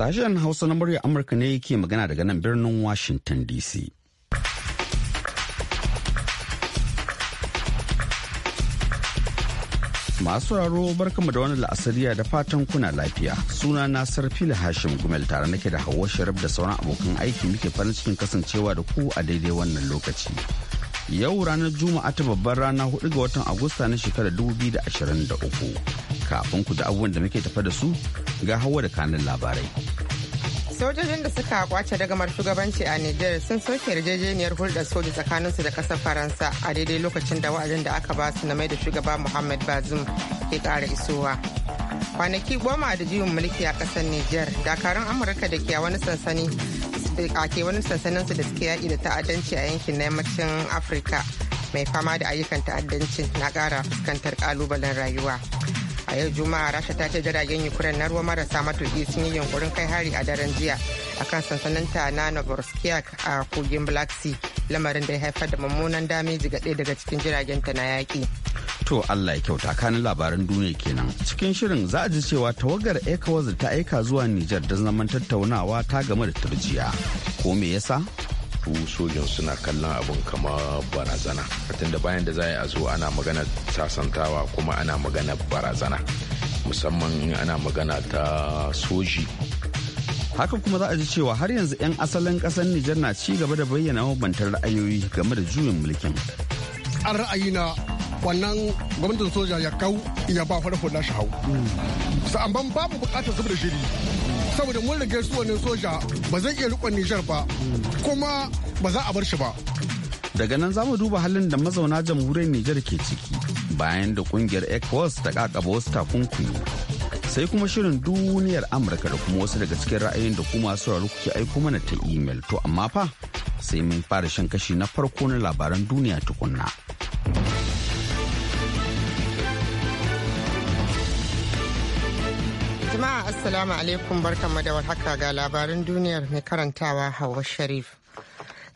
Sashen Hausa na murya Amurka ne yake magana daga nan birnin Washington DC. Masu raro barkamu da wani la'asariya da fatan kuna lafiya. Suna na Sarfila Hashim Gumel tare nake da Hauwa Sharif da sauran abokan aiki muke farin cikin kasancewa da ku a daidai wannan lokaci. Yau ranar Juma'a ta babbar rana 4 ga watan Agusta na shekarar 2023. kafin ku da abubuwan da muke tafa da su ga hawa da kanin labarai. Sojojin da suka kwace dagamar shugabanci a Nijar sun soke yarjejeniyar hulɗar soji tsakaninsu da ƙasar Faransa a daidai lokacin da wa'adin da aka ba su na mai da shugaba Muhammad Bazoum ke ƙara isowa. Kwanaki goma da jiwon mulki a ƙasar Nijar, dakarun Amurka da ke wani sansani a ke wani sansanin su da suke yaƙi da ta'addanci a yankin na yammacin Afirka mai fama da ayyukan ta'addanci na ƙara fuskantar ƙalubalen rayuwa. a yau juma'a rasha ta ce jiragen ukraine na ruwa marasa matuki sun yi yunkurin kai hari a daren jiya akan sansaninta na novorskiyak a kogin black sea lamarin da ya haifar da mummunan dameji ga ɗaya daga cikin jiragenta na yaƙi to Allah ya kyauta kanin labaran duniya kenan cikin shirin za a ji cewa tawagar ECOWAS ta aika zuwa Nijar da zaman tattaunawa ta game da turjiya ko me yasa su sojin suna kallon abin kama barazana tunda bayan da za a zo ana magana sasantawa kuma ana magana barazana musamman ana magana ta soji haka kuma za a ji cewa har yanzu 'yan asalin kasar Nijar na ci gaba da bayyana mabantar ra'ayoyi game da juyin mulkin. An ra'ayi na wannan gwamnatin soja ya kau ya ba fara shi hau. Sa'an babu bukatar zubar shiri saboda mun rage su wannan soja ba zan iya rikon Nijar ba kuma ba za a bar shi ba. Daga nan za mu duba halin da mazauna jamhuriyar Nijar ke ciki bayan da kungiyar ECOWAS ta kakaba wasu takunkumi. Sai kuma shirin duniyar Amurka da kuma wasu daga cikin ra'ayin da kuma sauraro kuke aiko mana ta imel to amma fa sai mun fara shan kashi na farko na labaran duniya tukunna. Jama'a Assalamu alaikum barkanmu da warhaka ga labarin duniyar mai karantawa Hauwa Sharif.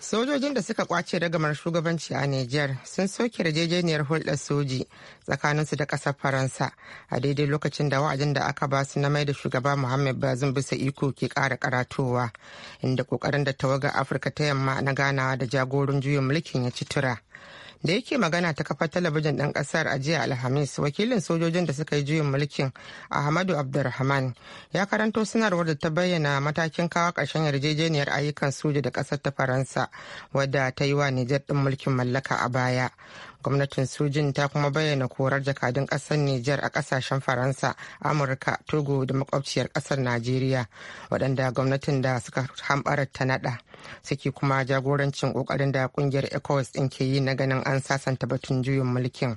Sojojin da suka kwace ragamar shugabanci a Nijar sun soke yarjejeniyar hulɗar soji tsakaninsu da ƙasar Faransa a daidai lokacin da wa'adin da aka ba su na mai da shugaba Muhammad Bazin bisa iko ke ƙara karatowa inda ƙoƙarin da tawagar Afirka ta yamma na ganawa da jagoran juyin mulkin ya ci tura. da yake magana ta kafa talabijin ɗan ƙasar a jiya alhamis wakilin sojojin da suka yi juyin mulkin ahmadu abdulrahman ya karanto sanarwar da ta bayyana matakin kawo ƙarshen yarjejeniyar ayyukan soja da ƙasar ta faransa wadda ta yi wa nijar ɗin mulkin mallaka a baya gwamnatin sojin ta kuma bayyana korar jakadun ƙasar nijar a ƙasashen faransa amurka togo da makwabciyar ƙasar najeriya waɗanda gwamnatin da suka hambarar ta naɗa suke kuma jagorancin kokarin da kungiyar ecowas din ke yi na ganin an sasanta batun juyin mulkin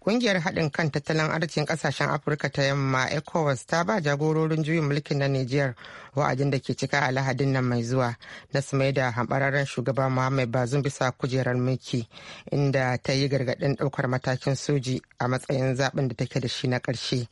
kungiyar haɗin kan tattalin arzikin ƙasashen afirka ta yamma ecowas ta ba jagororin juyin mulkin na nijiyar wa'adin da ke cika a lahadin nan mai zuwa na su mai da hambararren shugaba muhammad bazum bisa kujerar mulki inda ta yi gargaɗin ɗaukar matakin soji a matsayin zaɓen da take da shi na ƙarshe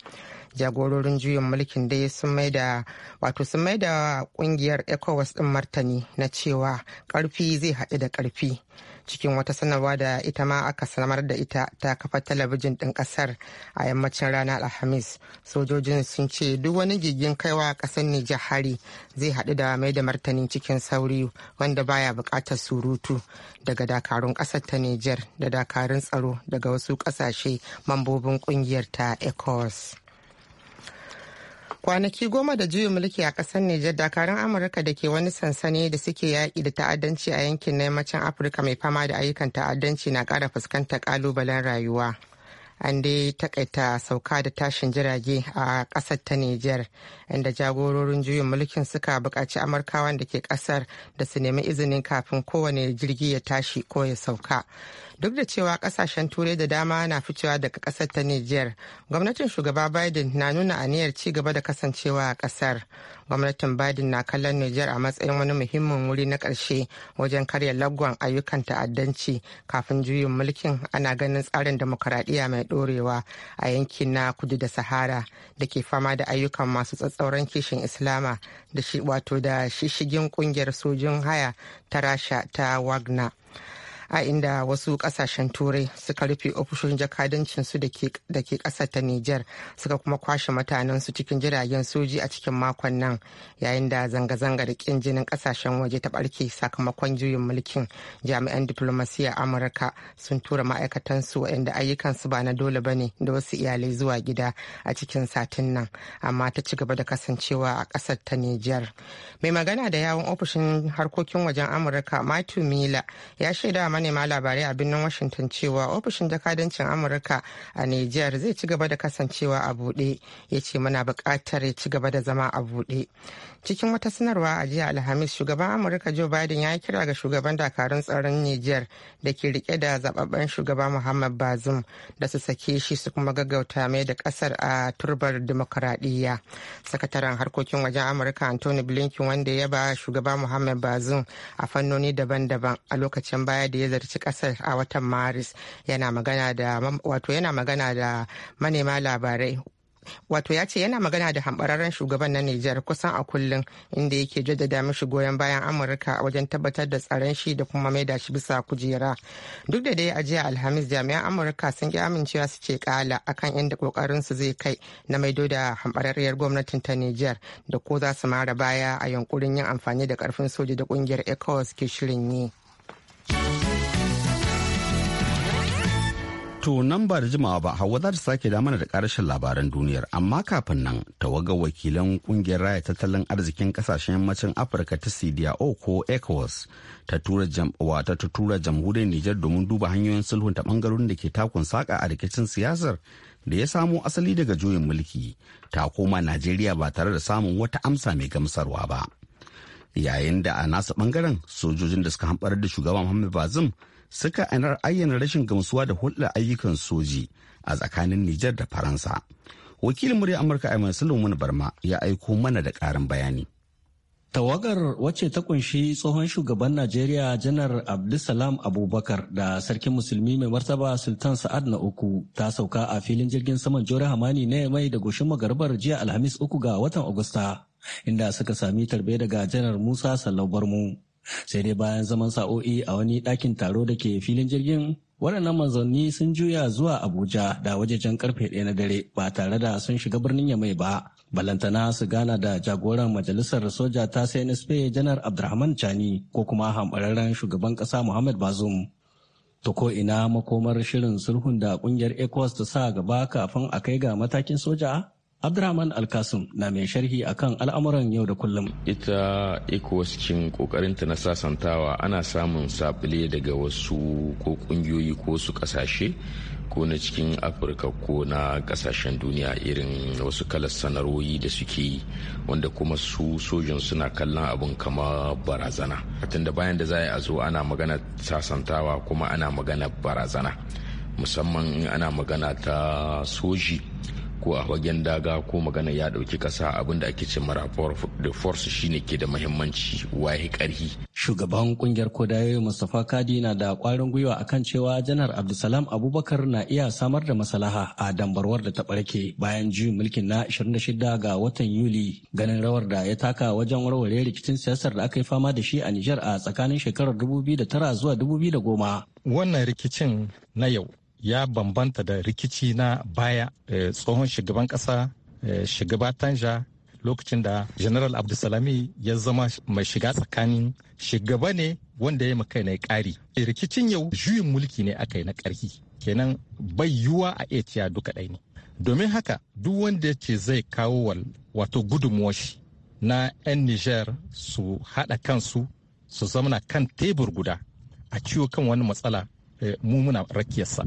jagororin juyin mulkin dai sun maida wato sun maida kungiyar ecowas din martani na cewa karfi zai haɗu da karfi cikin wata sanarwa da ita ma aka samar da ita ta kafa talabijin ɗin ƙasar a yammacin ranar alhamis sojojin sun ce duk wani gigin kaiwa ƙasar nijar hari zai haɗu da mai da martani cikin sauri wanda baya buƙatar surutu daga dakarun ƙasar ta nijar da dakarun tsaro daga wasu ƙasashe mambobin ƙungiyar ta ecowas kwanaki goma da juyin mulki a kasar Nijar dakarun Amurka da ke wani sansani da suke yaƙi da ta'addanci a yankin na yammacin Afirka mai fama da ayyukan ta'addanci na ƙara fuskantar ƙalubalen rayuwa. An dai takaita sauka da tashin jirage a ƙasar ta Nijar, inda jagororin juyin mulkin suka buƙaci Amurkawan da ke ƙasar da su nemi izinin kafin kowane jirgi ya tashi ko ya sauka. duk da cewa kasashen turai da dama na ficewa daga kasar ta niger gwamnatin shugaba biden na nuna aniyar ci gaba da kasancewa a kasar gwamnatin biden na kallon niger a matsayin wani muhimmin wuri na karshe wajen karya lagwan ayyukan ta'addanci kafin juyin mulkin ana ganin tsarin demokaradiyya mai dorewa a yankin na kudu da sahara da ke fama da ayyukan masu tsatsauran kishin islama da shi wato da shishigin kungiyar sojin haya ta rasha ta wagner a inda wasu kasashen turai suka rufe ofishoshin jakadancin su da ke ƙasar ta Nijar suka kuma kwashe mutanensu cikin jiragen soji a cikin makon nan yayin da zanga-zanga da ƙin jinin ƙasashen waje ta barke sakamakon juyin mulkin jami'an diplomasiyyar Amurka sun tura ma'aikatan su waɗanda ayyukansu ba na dole ba ne da wasu iyalai zuwa gida a cikin satin nan amma ta ci gaba da kasancewa a ƙasar ta Nijar. Mai magana da yawon ofishin harkokin wajen Amurka Matthew Miller ya shaida manema labarai a birnin Washington cewa ofishin jakadancin Amurka a Nijar zai ci gaba da kasancewa a buɗe ya ce muna buƙatar ya ci gaba da zama a buɗe. Cikin wata sanarwa a jiya Alhamis shugaban Amurka Joe Biden ya yi kira ga shugaban dakarun tsaron Nijar da ke rike da zababben shugaba Muhammad Bazum da su sake shi su kuma gaggauta mai da ƙasar a turbar dimokuraɗiyya. Sakataren harkokin wajen Amurka Anthony Blinken wanda ya ba shugaba Muhammad Bazum a fannoni daban-daban a lokacin baya da ya ziyarci zarci kasar a watan maris yana magana da wato yana magana da manema labarai wato ya ce yana magana da hambararren shugaban na Nijar kusan a kullum inda yake jaddada mishi goyon bayan Amurka wajen tabbatar da tsaron shi da kuma maida shi bisa kujera. Duk da dai a jiya Alhamis jami'an Amurka sun ki amincewa su ce kala akan inda kokarin su zai kai na maido da hambararriyar gwamnatin ta Nijar da ko za su mara baya a yankurin yin amfani da karfin soja da kungiyar ECOWAS ke shirin yi. To nan ba da jimawa ba Hauwa za ta sake da mana da karashin labaran duniyar amma kafin nan ta waga wakilan ƙungiyar raya tattalin arzikin ƙasashen yammacin Afirka ta CDAO ko ECOWAS ta tura wata ta tura jamhuriyar Nijar domin duba hanyoyin sulhun ta bangarorin da ke takun saka a rikicin siyasar da ya samo asali daga juyin mulki ta koma Najeriya ba tare da samun wata amsa mai gamsarwa ba. Yayin da a nasa bangaren sojojin da suka hamɓar da shugaban Muhammad bazim suka ayyana rashin gamsuwa da hulɗa ayyukan soji a tsakanin Nijar da Faransa. Wakilin murya Amurka Aiman Sulaiman Barma ya aiko mana da ƙarin bayani. Tawagar wacce ta kunshi tsohon shugaban Najeriya janar Abdulsalam Abubakar da sarkin musulmi mai martaba Sultan Sa'ad na uku ta sauka a filin jirgin saman Jore Hamani na mai da goshin magarbar jiya Alhamis uku ga watan Agusta inda suka sami tarbe daga janar Musa Sallau Barmu. sai dai bayan zaman sa'o'i a wani ɗakin taro da ke filin jirgin waɗannan manzanni sun juya zuwa abuja da wajejen karfe ɗaya na dare ba tare da sun shiga birnin yamai ba balantana su gana da jagoran majalisar soja ta cnsp janar abdurrahman chani ko kuma hambararren shugaban ƙasa muhammad bazum ta ko ina makomar shirin sulhun da ƙungiyar ecos ta sa gaba kafin a kai ga matakin soja Abdurrahman Alkasum na mai sharhi akan al'amuran yau da kullum. Ita ECOWAS cikin kokarinta na sasantawa ana samun sabile daga wasu ko kungiyoyi ko su kasashe ko na cikin Afirka ko na kasashen duniya irin wasu kalar sanarwoyi da suke yi wanda kuma su sojin suna kallon abin kama barazana. da bayan da za a zo ana magana sasantawa kuma ana magana barazana musamman ana magana ta soji. ko a fagen daga ko magana ya dauki kasa abinda ake ce mara da force shine ke da mahimmanci waye karhi shugaban kungiyar kodayo mustapha kadi na da kwarin gwiwa akan cewa janar abdulsalam abubakar na iya samar da masalaha a dambarwar da ta barke bayan juyin mulkin na 26 ga watan yuli ganin rawar da ya taka wajen warware rikicin siyasar da aka yi fama da shi a nijar a tsakanin shekarar 2009 zuwa 2010 wannan rikicin na yau ya bambanta da rikici na baya eh, tsohon shugaban kasa eh, shugaba tanja lokacin da general abdulsalami ya zama mai shiga tsakanin shugaba ne wanda ya makai na ƙari eh, rikicin yau juyin mulki ne aka yi na ƙarfi kenan bai yiwuwa a iya ciya duka ɗai ne domin haka duk wanda ya ce zai kawo wato gudunmuwar shi na 'yan niger su haɗa kansu su zamana kan tebur guda a ciwo kan wani matsala Eh, mu muna rakiyarsa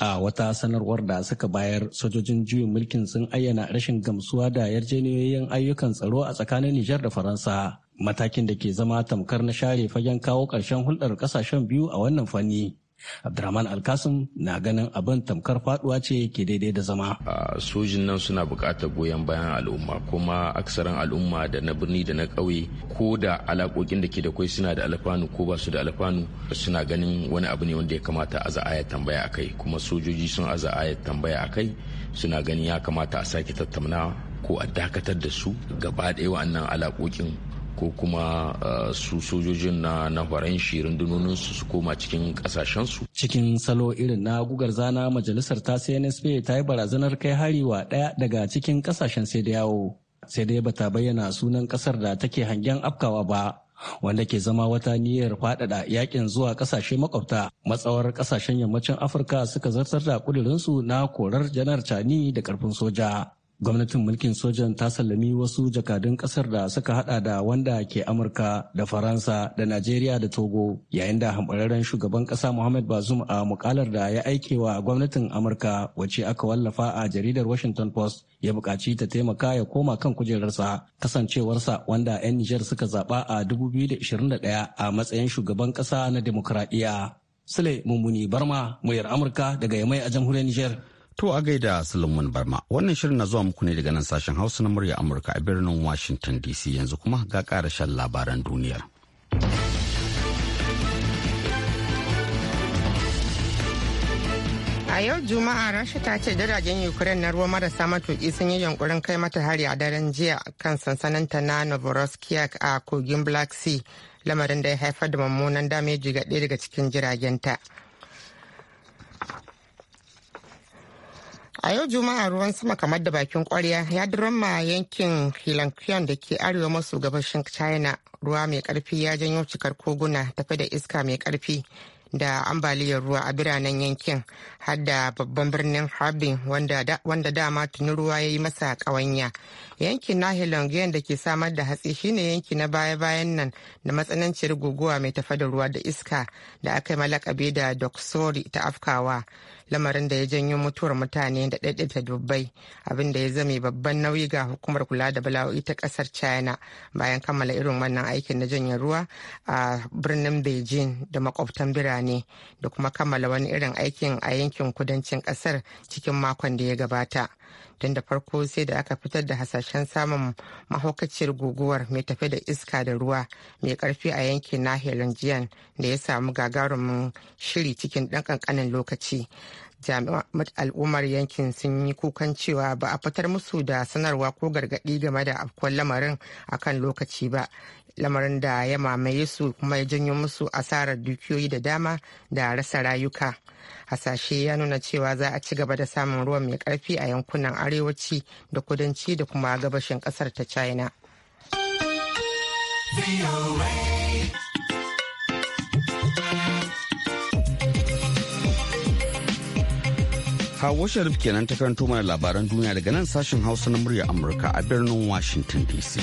a wata sanarwar da suka bayar sojojin juyin mulkin sun ayyana rashin gamsuwa da yarjejeniyoyin ayyukan tsaro a tsakanin nijar da faransa matakin da ke zama tamkar na share fagen kawo ƙarshen hulɗar ƙasashen biyu a wannan fanni abdurrahman alkasim na ganin abin tamkar faduwa ce ke daidai da zama sojin nan suna bukatar goyon bayan al'umma kuma aksarin al'umma da na birni da na ƙauye ko da alaƙoƙin da ke da kwai suna da alfanu ko ba su da alfanu suna ganin wani abu ne wanda ya kamata aza aya tambaya a kai kuma sojoji sun aza aya tambaya a kai suna ganin ya kamata a sake tattaunawa ko a dakatar da su gaba ɗaya wa'annan alaƙoƙin ko kuma uh, su sojojin na na faranshi rundunonin su koma cikin kasashensu. cikin salo irin na gugar zana majalisar ta cnsp ta yi barazanar kai hari wa ɗaya daga cikin kasashen sai da yawo sai dai bata bayyana sunan kasar da take hangen afkawa ba wanda ke zama wata niyyar faɗaɗa yakin zuwa ƙasashe makwabta matsawar ƙasashen yammacin afirka suka zartar da ƙudurinsu na korar janar cani da ƙarfin soja gwamnatin mulkin sojan ta sallami wasu jakadun kasar da suka hada da wanda ke amurka da faransa da najeriya da togo yayin da hambararren shugaban kasa muhammad bazum a mukalar da ya aike wa gwamnatin amurka wacce aka wallafa a jaridar washington post ya buƙaci ta taimaka ya koma kan kujerarsa kasancewarsa wanda 'yan Niger suka zaɓa a 2021 a matsayin shugaban ƙasa na demokradiyya sule mummuni barma muryar amurka daga yamai a jamhuriyar Niger. To a gaida Sulaiman Barma, wannan shirin na zuwa muku ne daga nan sashen Hausa na murya Amurka a birnin Washington DC yanzu kuma ga shan labaran duniyar. A yau Juma'a Rasha ta ce jiragen Ukraine na ruwa marasa matuƙi sun yi yunkurin kai mata hari a daren jiya kan sansanin ta na Novorossiysk a kogin Black Sea, lamarin da ya haifar da mummunan dameji ga ɗaya daga cikin jiragenta. a yau juma'a ruwan sama kamar da bakin kwarya ya durama yankin hilankiyon da ke arewa maso gabashin china ruwa mai karfi ya janyo cikar koguna tafe da iska mai karfi da ambaliyar ruwa a biranen yankin har da babban birnin harbin wanda dama tuni ruwa ya yi masa kawanya yankin na hilongiyan da ke samar da hatsi shine yanki na baya-bayan nan da matsananciyar guguwa mai tafa da ruwa da iska da aka yi malakabe da doksori ta afkawa lamarin da ya janyo mutuwar mutane da ɗaiɗaita dubbai abin da ya zame babban nauyi ga hukumar kula da bala'o'i ta ƙasar china bayan kammala irin wannan aikin na janye ruwa a birnin beijing da makwabtan birane da kuma kammala wani irin aikin a yankin kudancin ƙasar cikin makon da ya gabata tun da farko sai da aka fitar da hasashen samun mahaukaciyar guguwar mai tafe da iska da ruwa mai karfi a yankin nahiyar jiyan da ya samu gagarumin shiri cikin ɗan ƙanƙanin lokaci jami'an al'ummar yankin sun yi kukan cewa ba a fitar musu da sanarwa ko gargaɗi game da afkuwar lamarin akan lokaci ba lamarin da ya mamaye su kuma ya janyo musu asarar dukiyoyi da dama da rasa rayuka hasashe ya nuna cewa za a ci gaba da samun ruwa mai karfi a yankunan arewaci da kudanci da kuma gabashin kasar ta china kawo Sharif kenan ta karanto mana labaran duniya daga nan sashen Hausa na murya Amurka a birnin Washington DC.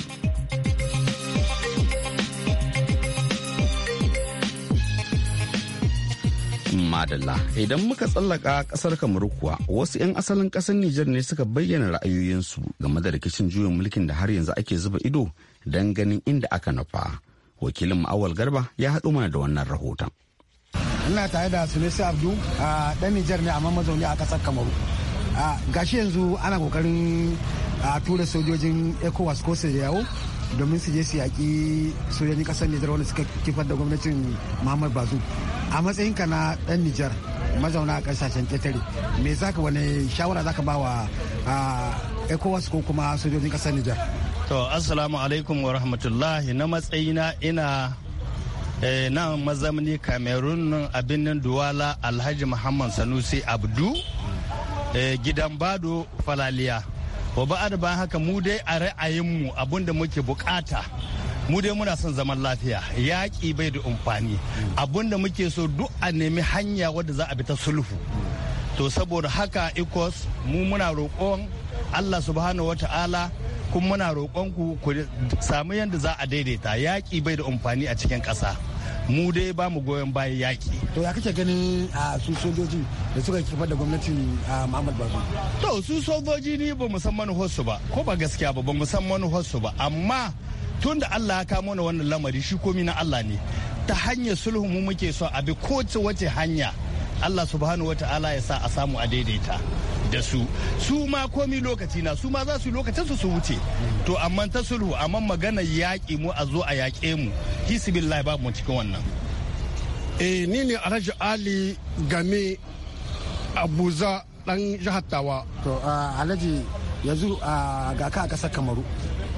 Madalla idan muka tsallaka kasar kamar kuwa wasu 'yan asalin kasar Nijar ne suka bayyana ra'ayoyinsu game da rikicin juyin mulkin da har yanzu ake zuba ido don ganin inda aka nufa. Wakilin Ma'awal Garba ya haɗu mana da wannan rahoton. ina tare da sunesi abdu a dan nijar ne amma mazauni a kasar kamaru gashi yanzu ana kokarin a tura sojojin ecowas ko su yawo domin su je su yaƙi sojojin kasar nijar wanda suka kifar da gwamnatin muhammad bazu a matsayin ka na dan nijar mazauna a kasashen ketare me za ka wani shawara zaka ba wa ecowas ko kuma sojojin kasar nijar to assalamu alaikum wa rahmatullahi na matsayina ina Eh, na mazamni cameroon a birnin duwala alhaji muhammad sanusi abdu eh, gidan bado falaliya wa da ban haka mu dai a ra'ayinmu abinda muke bukata mu dai muna son zaman lafiya yaƙi bai da amfani abinda muke so duk a nemi hanya wadda za a bi ta sulhu to saboda haka ecos mu muna roƙon allah subhanahu wa ta'ala kuma muna roƙon ku sami yadda za a daidaita yaƙi bai da amfani a cikin ƙasa mu dai ba mu goyon bayan yaƙi. To ya kake ganin a su sojoji da suka kifar da gwamnatin Muhammad Bazu? To su sojoji ni ba mu san su ba ko ba gaskiya ba ba mu san su ba amma tun da Allah ya kamo mana wannan lamari shi komi na Allah ne ta hanyar sulhu mu muke so a bi kowace wace hanya Allah subhanahu wataala ya sa a samu a daidaita. da su su ma komi lokaci na su ma za su lokacin su su wuce to amma ta sulhu amma magana yaƙi mu a zo a yaƙe mu hisbillah ba mu cikin wannan eh ni ne alhaji ali game abuza dan jihar tawa to ah, alhaji yanzu ah, ga ka a kasar kamaru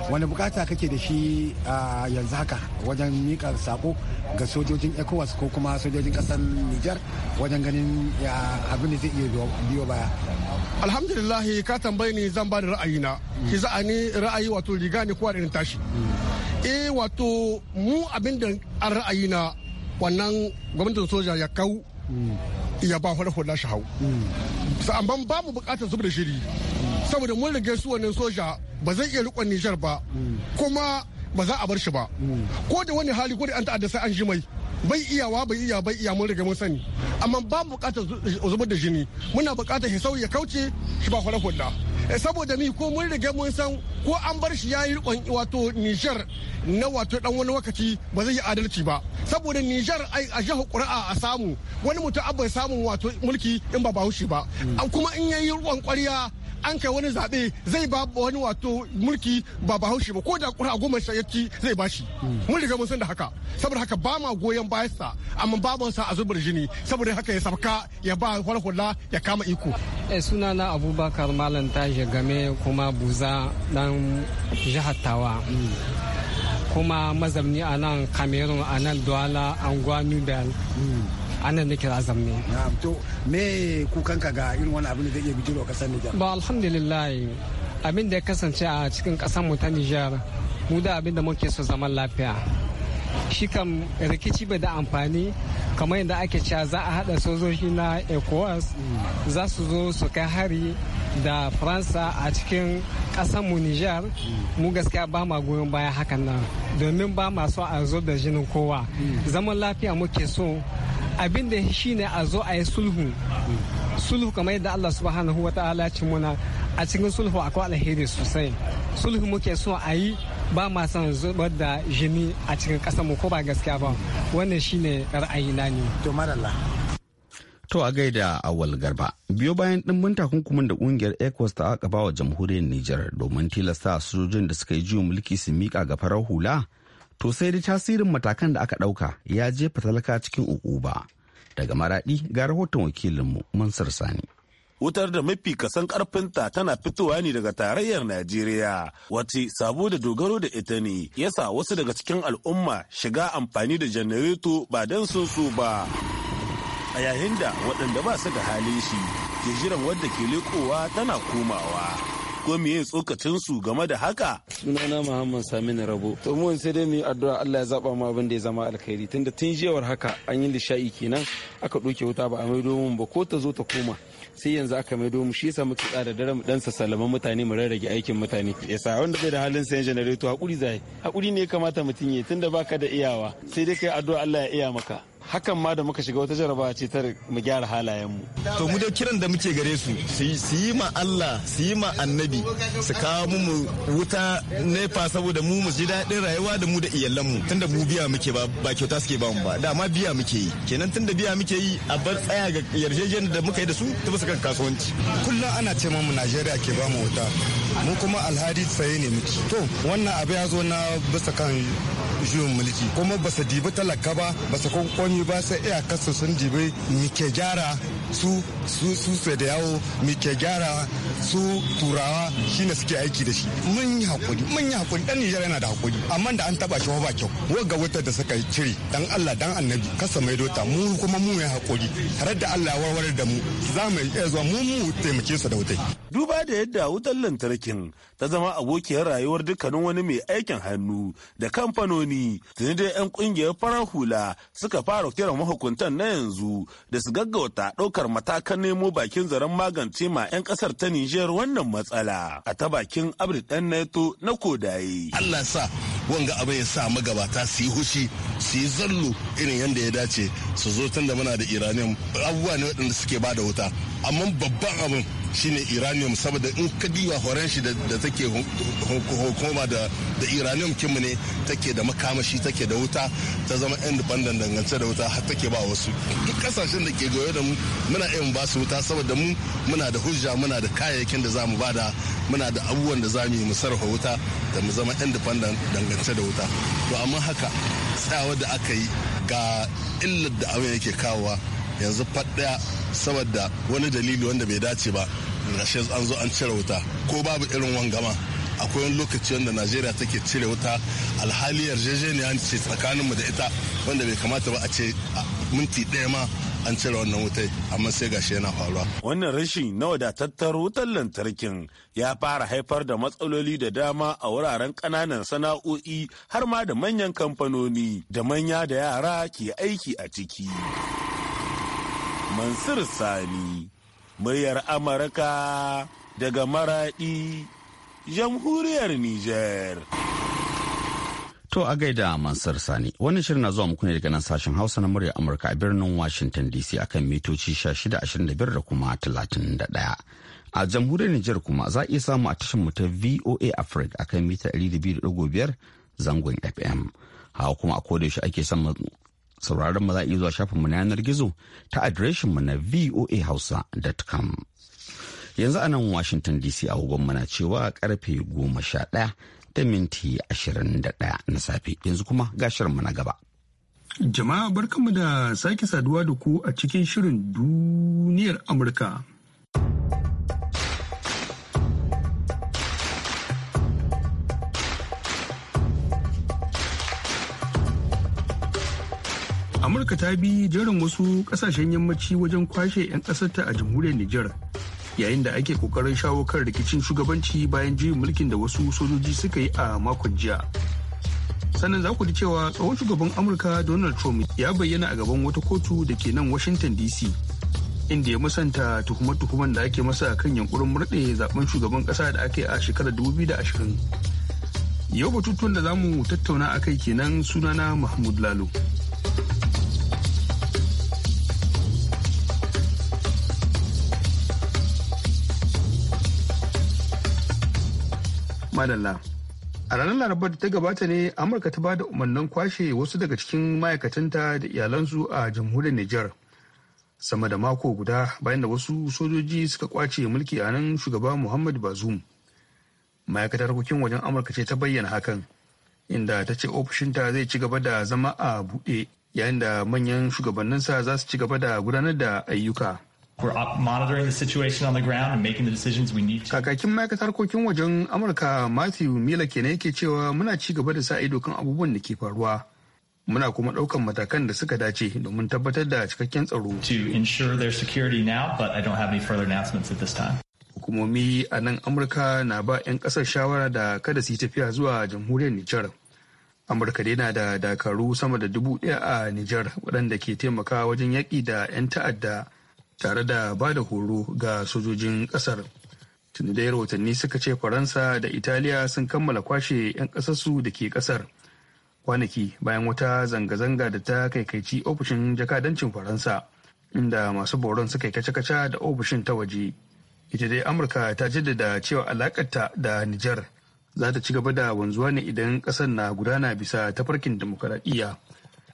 wani bukata kake da shi a yanzu haka wajen mika sako ga sojojin ecowas ko kuma sojojin kasar niger wajen ganin abin da zai iya biyo baya alhamdulillah ka tambayi ni zan ba da ra'ayi na. ki hmm. za'a ni ra'ayi wato riga ne kowa irin tashi hmm. eh wato mu abin da an na wannan gwamnatin soja ya kau hmm. ya ba hula hula shi hau sa'an babu bukatar zubar da shiri saboda mun rage su wannan soja ba zai iya rikon Nijar ba kuma ba za a bar shi ba ko da wani hali ko da an ta'adda sai an ji mai bai iyawa bai iya bai iya mun rage mun sani amma ba mu bukatar zubar da jini muna bukatar shi sauya kauce shi ba kwarar eh, saboda ni ko mun riga mun san ko an bar shi yayi rikon wato nijar na wato dan wani lokaci ba zai yi adalci ba saboda nijar ai a jihar ƙuri'a a samu wani mutum abba samun wato mulki in ba shi ba kuma in yayi rikon ƙwariya an kai wani zaɓe zai ba wani wato mulki ba bahaushe ba ko da kura goma sha yaki zai bashi. shi mun riga mun san da haka saboda haka ba ma goyon bayansa amma babansa sa a zubar jini saboda haka ya sabka ya ba hula ya kama iko eh suna na abubakar malam tashi game kuma buza dan jihar tawa kuma mazamni a nan cameroon a nan douala anguwa nudal anan nake a zamne to me kanka ga irin wani abin da zai iya bijiro kasar Niger ba alhamdulillah abin da ya kasance a cikin kasar mu ta Nijar mu da abin da muke so zaman lafiya shi kam rikici bai da amfani kamar yadda ake cewa za a hada sojoji na ecowas za su zo su kai hari da faransa a cikin mu nijar mu gaskiya ba ma goyon baya hakan nan domin ba ma so a zo da jinin kowa hmm. zaman lafiya muke so abin da shi ne a zo a yi sulhu sulhu kamar yadda Allah subhanahu wa ta'ala ci muna a cikin sulhu akwai alheri sosai sulhu muke so a yi ba ma son zubar da jini a cikin kasanmu mu ko ba gaskiya ba wannan ne ra'ayi na ne to To a gaida awal garba biyo bayan ɗimbin takunkumin da kungiyar ecos ta aka ba wa jamhuriyar niger domin tilasta sojojin da suka yi juyin mulki su mika ga farar hula, to sai da tasirin matakan da aka ɗauka ya je talaka cikin uku ba. Daga Maradi, ga rahoton wakilinmu Mansur Sani. wutar da mafi kasan karfinta tana fitowa ne daga tarayyar Najeriya wace sabo da dogaro da ita ne yasa wasu daga cikin al'umma shiga amfani da janareto ba don sun so ba a yayin da waɗanda ba su da hali shi ke jiran wadda ke lekowa tana komawa ko meye tsokacin su game da haka sunana muhammad saminu rabo to mu sai dai mu addu'a Allah ya zaba mu abin da ya zama alkhairi tunda tun jiyawar haka an yi lishai kenan aka doke wuta ba a maido mun ba ko ta zo ta koma sai yanzu aka maido mu shi yasa muke tsada dare mu dan salaman mutane mu rarrage aikin mutane yasa wanda bai da halin sayan janareto hakuri zai hakuri ne ya kamata mutum ya tunda baka da iyawa sai dai kai addu'a Allah ya iya maka hakan ma da muka shiga wata jarabawa ce ta mu gyara halayenmu. To mu da kiran da muke gare su su yi ma Allah su yi ma annabi su kawo mu wuta nefa saboda mu mu ji daɗin rayuwa da mu da iyalanmu tunda mu biya muke ba ba kyauta suke ba mu ba dama biya muke yi kenan tunda biya muke yi a bar tsaya ga yarjejeniyar da muka yi da su ta bisa kan kasuwanci. Kullum ana ce mu Najeriya ke ba mu wuta mu kuma alhadi tsaye ne muke. To wannan abu ya zo na bisa kan juyin mulki kuma ba su dibi talaka ba ba su kwankwani ba sai iyakarsu sun dibi muke gyara su su su da yawo muke gyara su turawa shine suke aiki da shi mun yi hakuri mun yi hakuri dan Nijar yana da hakuri amma da an taba shi ba kyau wagga wata da suka yi cire dan Allah dan Annabi kasa mai dota mu kuma mu yi hakuri tare da Allah ya warware da mu za mu iya zuwa mu mu taimake su da wutai duba da yadda wutar lantarkin ta zama abokiyar rayuwar dukkanin wani mai aikin hannu da kamfanoni tuni dai yan kungiyar farar hula suka fara kiran mahukuntan na yanzu da su gaggauta ɗaukar ɗaukar matakan nemo bakin zaren magance ma 'yan ƙasar ta Nijar wannan matsala a ta bakin abrid Dan Naito na Kodaye. Allah sa wanga abu ya sa magabata su yi hushi su yi zallo irin yadda ya dace su zo tun da muna da iraniyan abubuwa ne waɗanda suke ba da wuta amma babban abin shine iranium saboda in ka diwa horon shi da take hukuma da iranium kinmu ne take da makamashi take da wuta ta zama independent dangance da wuta har take ba wasu duk kasashen da ke goyo da mu muna iya ba su wuta saboda mu muna da hujja muna da kayayyakin da za mu bada muna da abubuwan da za mu yi mu sarrafa wuta da mu zama independent dangance da wuta to amma haka tsayawa da aka yi ga illar da abin yake kawowa yanzu faɗaya saboda wani dalili wanda bai dace ba rashe an zo an cire wuta ko babu irin wangama akwai wani lokaci wanda najeriya take cire wuta alhali yarjejeniya ce tsakaninmu da ita wanda bai kamata ba a ce minti ɗaya ma an cire wannan wutai amma sai gashi yana faruwa. Wannan rashi na wadatattar wutar lantarkin ya fara haifar da matsaloli da dama a wuraren ƙananan sana'o'i har ma da manyan kamfanoni da manya da yara ke aiki a ciki. Mansur Sani, muryar Amurka daga Maraɗi, jamhuriyar Nijar. To a gaida Mansur Sani, wannan shirin na zuwa muku ne daga nan sashen Hausa na muryar Amurka a birnin Washington DC akan mitoci 1625 da kuma 31. A jamhuriyar Nijar kuma za a iya samu a tashin mu ta VOA Africa akan mita 200.5 zangon FM. Hawa kuma a koda yaushe ake son sauraron mu za a iya zuwa shafin mu na yanar gizo ta adireshin mu na voahausa.com. Yanzu a nan Washington DC a mu muna cewa karfe goma sha ɗaya da minti ashirin da ɗaya na safe yanzu kuma gashirin mu na gaba. Jama'a barkanmu da sake saduwa da ku a cikin shirin duniyar Amurka. amurka ta bi jerin wasu kasashen yammaci wajen kwashe 'yan ƙasarta a jamhuriyar nijar yayin da ake kokarin shawo kan rikicin shugabanci bayan juyin mulkin da wasu sojoji suka yi a makon jiya sannan za ku ji cewa tsohon shugaban amurka donald trump ya bayyana a gaban wata kotu da ke nan washington dc inda ya musanta tuhume-tuhumen da ake masa kan yankurin murɗe zaben shugaban ƙasa da aka yi a shekarar 2020 yau batutuwan da za mu tattauna a kai kenan sunana mahmud lalo Madalla. A ranar Larabar da ta gabata ne Amurka ta ba da umarnin kwashe wasu daga cikin ma'aikatanta da iyalansu a jamhuriyar Nijar. Sama da mako guda bayan da wasu sojoji suka kwace mulki a nan shugaba Muhammad Bazoum. Ma'aikatar harkokin wajen Amurka ce ta bayyana hakan, inda ta ce ofishinta zai ci gaba da zama a buɗe yayin da manyan shugabanninsa za su ci gaba da gudanar da ayyuka. We're monitoring the situation on the ground and making the decisions we need to. Kakakin ma'aikatar harkokin wajen Amurka Matthew Miller kenan yake cewa muna ci gaba da sa ido kan abubuwan da ke faruwa. Muna kuma ɗaukan matakan da suka dace domin tabbatar da cikakken tsaro. To ensure their security now, but I don't have any further announcements at this time. Hukumomi a nan Amurka na ba 'yan ƙasar shawara da kada su yi tafiya zuwa jamhuriyar Nijar. amurka dai na da dakaru sama da dubu ɗaya a niger waɗanda ke taimakawa wajen yaƙi da 'yan ta'adda tare da ba da horo ga sojojin kasar tunidai da rahotanni suka ce Faransa da Italiya sun kammala kwashe 'yan ƙasarsu da ke kasar Kwanaki bayan wata zanga-zanga da ta kaikaici ofishin jakadancin Faransa, inda masu boron suka yi kaca-kaca da ofishin ta waje. Ita dai Amurka ta jaddada cewa alakarta da Nijar za ta ci gaba da wanzuwa ne idan ƙasar na gudana bisa ta farkin dimokuraɗiyya.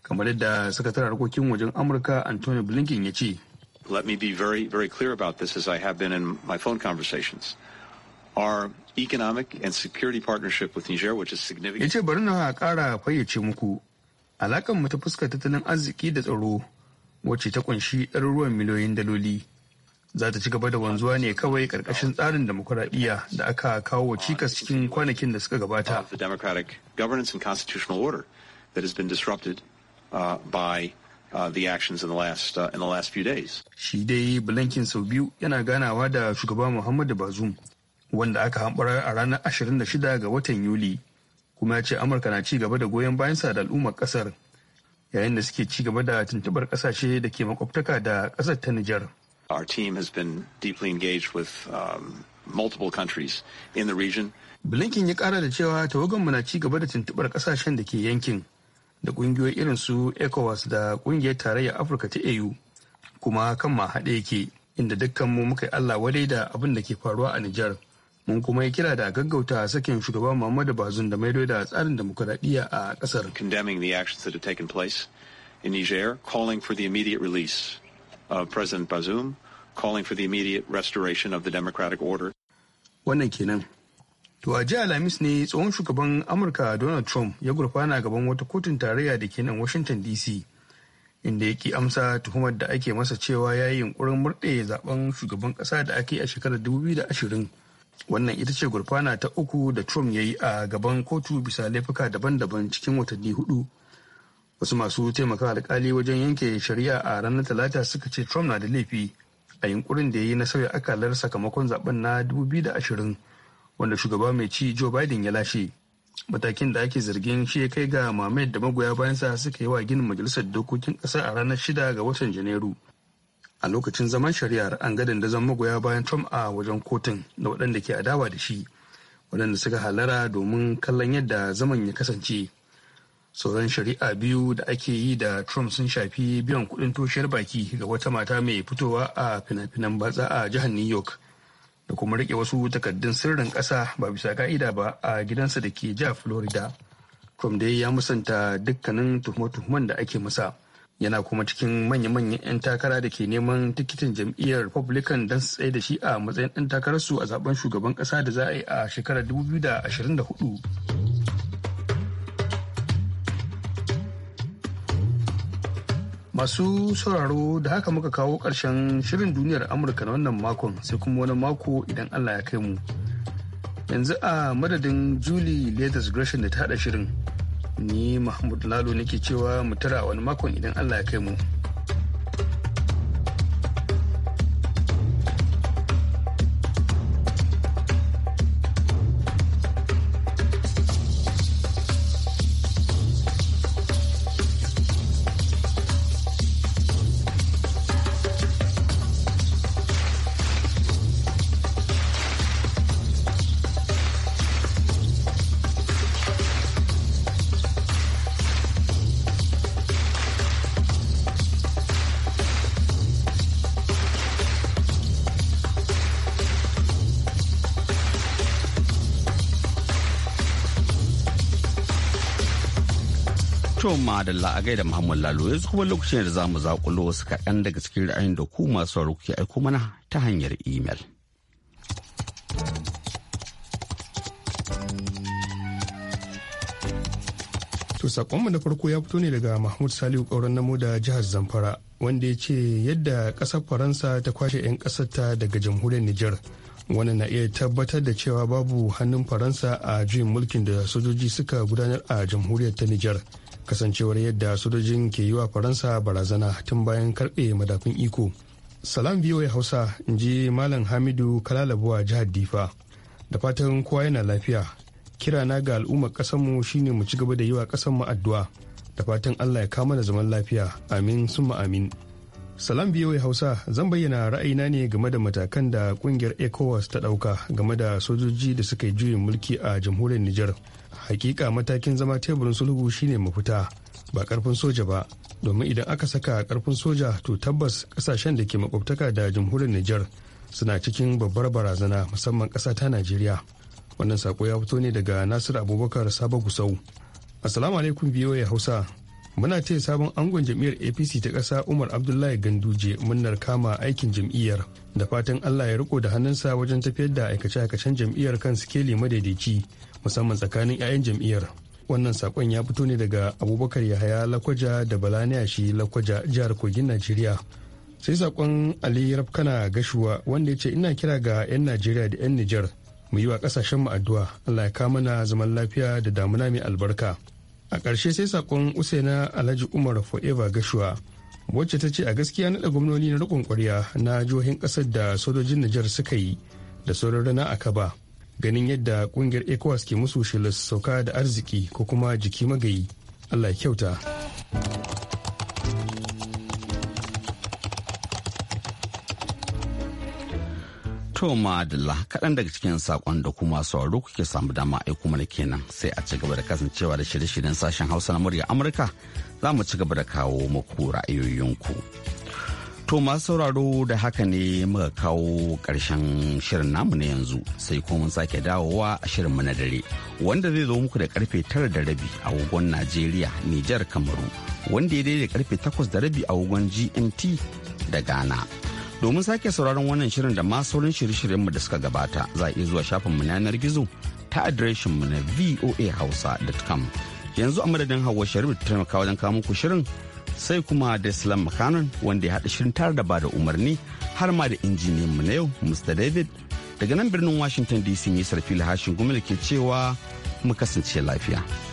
kamar yadda sakataren harkokin wajen amurka anthony blinken ya ce let me be very, very clear about this as I have been in my phone conversations. Our economic and security partnership with Niger, which is significant. Yace bari na a kara fayyace muku alaƙar mu ta fuskar tattalin arziki da tsaro wacce ta ƙunshi ɗaruruwan miliyoyin daloli. Za ta ci gaba da wanzuwa ne kawai ƙarƙashin tsarin demokuraɗiyya da aka kawo wa cikas cikin kwanakin da suka gabata. The democratic governance and constitutional order that has been disrupted uh, by Uh, the actions in the last uh, in the last few days. Shi dai Blinken sau biyu yana ganawa da shugaba Muhammadu Bazoum wanda aka hambara a ranar 26 ga watan Yuli kuma ya ce Amurka na ci gaba da goyon sa da al'ummar kasar yayin da suke ci gaba da tuntubar kasashe da ke makwabtaka da kasar ta Nijar. Our team has been deeply engaged with um, multiple countries in the region. Blinken ya kara da cewa tawaganmu na ci gaba da tuntubar kasashen da ke yankin da kungiyoyi irin su ecowas da kungiyar tarayyar afirka ta au kuma kan ma haɗe yake inda dukkanmu muka yi allah wadai da abin da ke faruwa a nijar mun kuma yi kira da gaggauta sakin shugaban muhammadu bazum da maido da tsarin demokuraɗiyya a ƙasar condemning the actions that have taken place in niger calling for the immediate release of president bazoum calling for the immediate restoration of the democratic order wannan kenan To a jiya Alhamis ne tsohon shugaban Amurka Donald Trump ya gurfana gaban wata kotun tarayya da ke nan Washington DC inda ya ki amsa tuhumar da ake masa cewa ya yi yunkurin murɗe zaben shugaban ƙasa da ake a shekarar 2020. Wannan ita ce gurfana ta uku da Trump ya yi a gaban kotu bisa laifuka daban-daban cikin watanni hudu. Wasu masu taimaka alkali wajen yanke shari'a a ranar Talata suka ce Trump na da laifi a yunkurin da ya yi na sauya akalar sakamakon zaben na 2020. wanda shugaba mai ci joe biden ya lashe matakin da ake zargin shi ya kai ga mamayar da magoya bayansa suka yi wa ginin majalisar dokokin ƙasa a ranar shida ga watan janairu a lokacin zaman shari'ar an ga dandazon magoya bayan trump a wajen kotun da waɗanda ke adawa da shi waɗanda suka halara domin kallon yadda zaman ya kasance sauran shari'a biyu da ake yi da trump sun shafi biyan kuɗin toshiyar baki ga wata mata mai fitowa a fina-finan batsa a jihar new york da kuma rike wasu takaddun sirrin ƙasa ba bisa ka'ida ba a gidansa da ke ja florida trump dai ya musanta dukkanin tuhume-tuhumen da ake masa yana kuma cikin manya-manyan 'yan takara da ke neman tikitin jam'iyyar republican don su tsaye da shi a matsayin 'yan takararsu a zaben shugaban ƙasa da za a yi a shekarar 2024 Masu sauraro da haka muka kawo ƙarshen shirin duniyar Amurka na wannan makon sai kuma wani mako idan Allah ya kai mu. Yanzu a madadin Julie Leathers Gresham da ta hada shirin, ni Mahmud Lalo nake cewa mu tara wani makon idan Allah ya kai mu. ma da la'agai da Muhammad Lalo yanzu kuma lokacin da za mu zakulo wasu kaɗan daga cikin ra'ayin da ku masu sauraro kuke aiko mana ta hanyar imel. To sakonmu na farko ya fito ne daga Mahmud Saliu ƙauren namo da jihar Zamfara wanda ya ce yadda ƙasar Faransa ta kwashe 'yan ƙasarta daga jamhuriyar Nijar. Wannan na iya tabbatar da cewa babu hannun Faransa a juyin mulkin da sojoji suka gudanar a jamhuriyar ta Nijar. kasancewar yadda sojojin ke yi wa faransa barazana tun bayan karbe madafin iko salam voa hausa in ji malam hamidu kalalabuwa jihar difa da fatan kowa yana lafiya kirana ga al'ummar ƙasarmu shine mu ci gaba da yi wa ƙasarmu addu'a da fatan allah ya kama da zaman lafiya amin summa amin salam voa hausa zan bayyana ra'ayina ne game da matakan da kungiyar ecowas ta ɗauka game da sojoji da suka yi juyin mulki a jamhuriyar nijar hakika matakin zama teburin sulhu shine mafita ba karfin soja ba domin idan aka saka karfin soja to tabbas kasashen da ke makwabtaka da jamhuriyar Nijar suna cikin babbar barazana musamman ƙasa ta Najeriya. Wannan sako ya fito ne daga Nasiru Abubakar Sabo Gusau. Assalamu alaikum biyoyi Hausa. muna taya sabon angon jam'iyyar apc ta ƙasa umar abdullahi ganduje munnar kama aikin jam'iyyar da fatan allah ya riko da hannunsa wajen tafiyar da aikace-aikacen jam'iyyar kan sikeli madaidaici musamman tsakanin 'ya'yan jam'iyyar wannan sakon ya fito ne daga abubakar yahaya lakwaja da balaniya shi lakwaja jihar kogin najeriya sai sakon ali rafkana gashuwa wanda ya ce ina kira ga 'yan najeriya da 'yan nijar mu yi wa kasashenmu addu'a allah ya kama na zaman lafiya da damuna mai albarka a ƙarshe sai sakon usaina alhaji umar forever gashua wacce ta ce a gaskiya naɗa gwamnoni na riƙon ƙwarya na jihohin ƙasar da sojojin nijar suka yi da sauran rana a kaba ganin yadda ƙungiyar ecowas ke musu shilas sauka da arziki ko kuma jiki magayi allah kyauta To madalla kaɗan daga cikin saƙon da kuma sauraro kuke samu dama aiko mana kenan sai a ci gaba da kasancewa da shirye-shiryen sashen Hausa na murya Amurka za mu ci gaba da kawo muku ra'ayoyinku. To masu sauraro da haka ne muka kawo ƙarshen shirin namu na yanzu sai ko mun sake dawowa a shirin mu na dare wanda zai zo muku da karfe tara da rabi a agogon Najeriya, Nijar, Kamaru wanda ya daidai karfe takwas da rabi a agogon GMT da Ghana. Domin sake sauraron wannan shirin da masu sauran shirye-shiryenmu da suka gabata za a iya zuwa shafinmu na yanar gizo ta adireshinmu na voahausa.com. Yanzu a madadin Hauwa Sharif ta taimaka wajen kawo muku shirin sai kuma da Islam Makanon wanda ya haɗa shirin tare da bada umarni har ma da injiniyanmu na yau Mr. David daga nan birnin Washington DC ne sarfila hashin gumil ke cewa mu kasance lafiya.